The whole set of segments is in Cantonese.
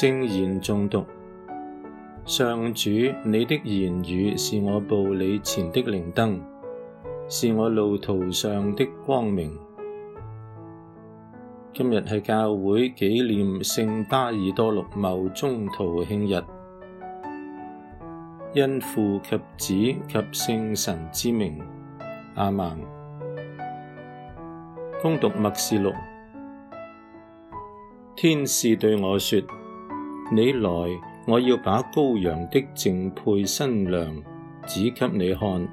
聖言誦讀，上主，你的言語是我步履前的靈燈，是我路途上的光明。今日係教會紀念聖巴爾多禄茂宗徒慶日，因父及子及聖神之名，阿門。恭讀默示錄，天使對我說。你來，我要把羔羊的淨配新娘指給你看。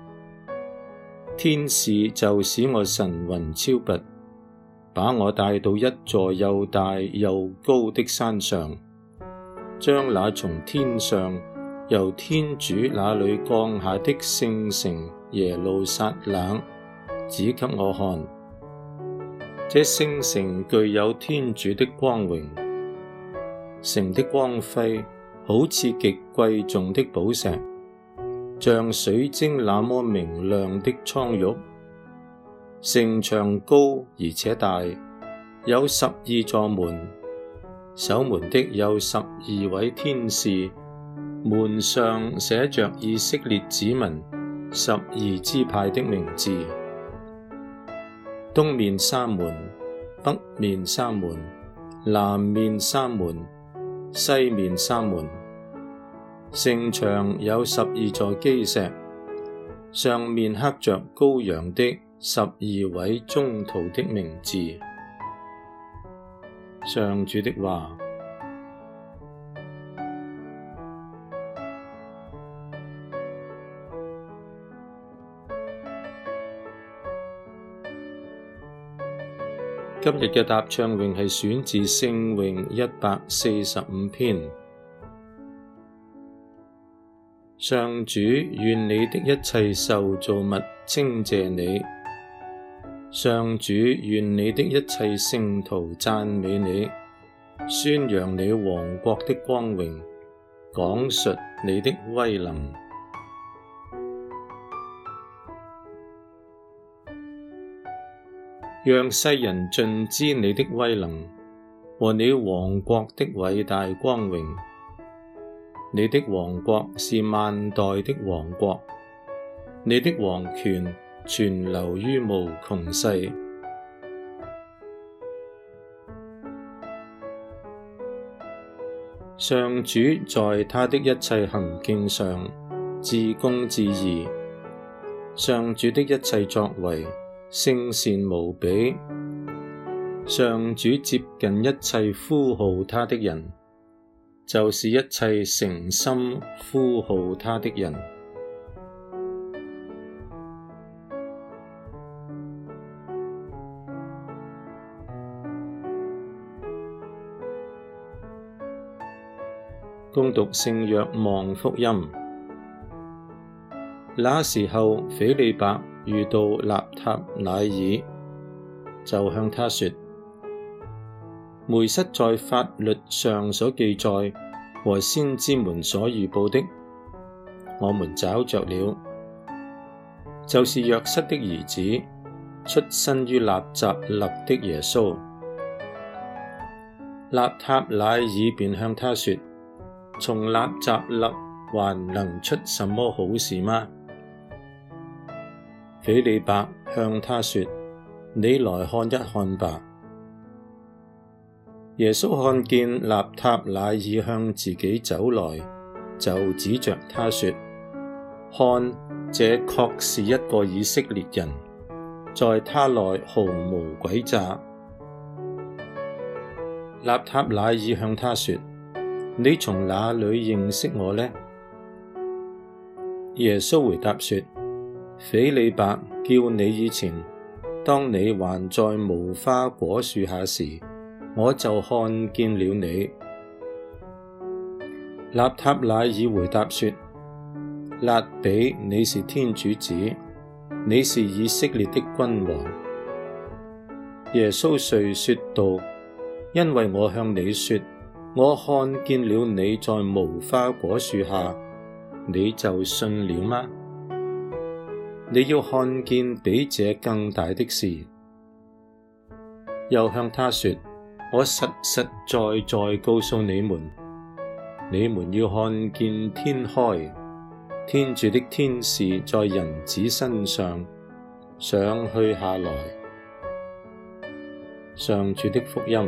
天使就使我神魂超拔，把我帶到一座又大又高的山上，將那從天上由天主那裏降下的聖城耶路撒冷指給我看。這聖城具有天主的光榮。城的光輝好似極貴重的寶石，像水晶那麼明亮的蒼玉。城牆高而且大，有十二座門，守門的有十二位天使。門上寫着以色列子民十二支派的名字。東面三門，北面三門，南面三門。西面三門，城牆有十二座基石，上面刻着羔羊的十二位宗徒的名字。上主的話。今日嘅答唱詠係選自聖詠一百四十五篇。上主，願你的一切受造物稱謝你；上主，願你的一切聖徒讚美你，宣揚你王國的光榮，講述你的威能。讓世人盡知你的威能，和你王國的偉大光榮。你的王國是萬代的王國，你的王權存留於無窮世。上主在他的一切行徑上，至公至義，上主的一切作為。聖善無比，上主接近一切呼號他的人，就是一切誠心呼號他的人。攻讀聖約望福音。那時候，腓利白。遇到納塔乃耳，就向他說：梅瑟在法律上所記載和先知們所預報的，我們找着了，就是若瑟的兒子，出身於納匝肋的耶穌。納塔乃耳便向他說：從納匝肋還能出什麼好事嗎？斐理伯向他說：你來看一看吧。耶穌看見納塔乃耳向自己走來，就指着他說：看，這確是一個以色列人，在他內毫無詭詐。納塔乃耳向他說：你從哪裏認識我呢？耶穌回答說。斐理伯叫你以前，當你還在無花果樹下時，我就看見了你。納塔乃耳回答說：辣彼，你是天主子，你是以色列的君王。耶穌遂說道：因為我向你說，我看見了你在無花果樹下，你就信了嗎？你要看見比這更大的事。又向他說：我實實在在告訴你們，你們要看見天開，天主的天使在人子身上，上去下來，上主的福音。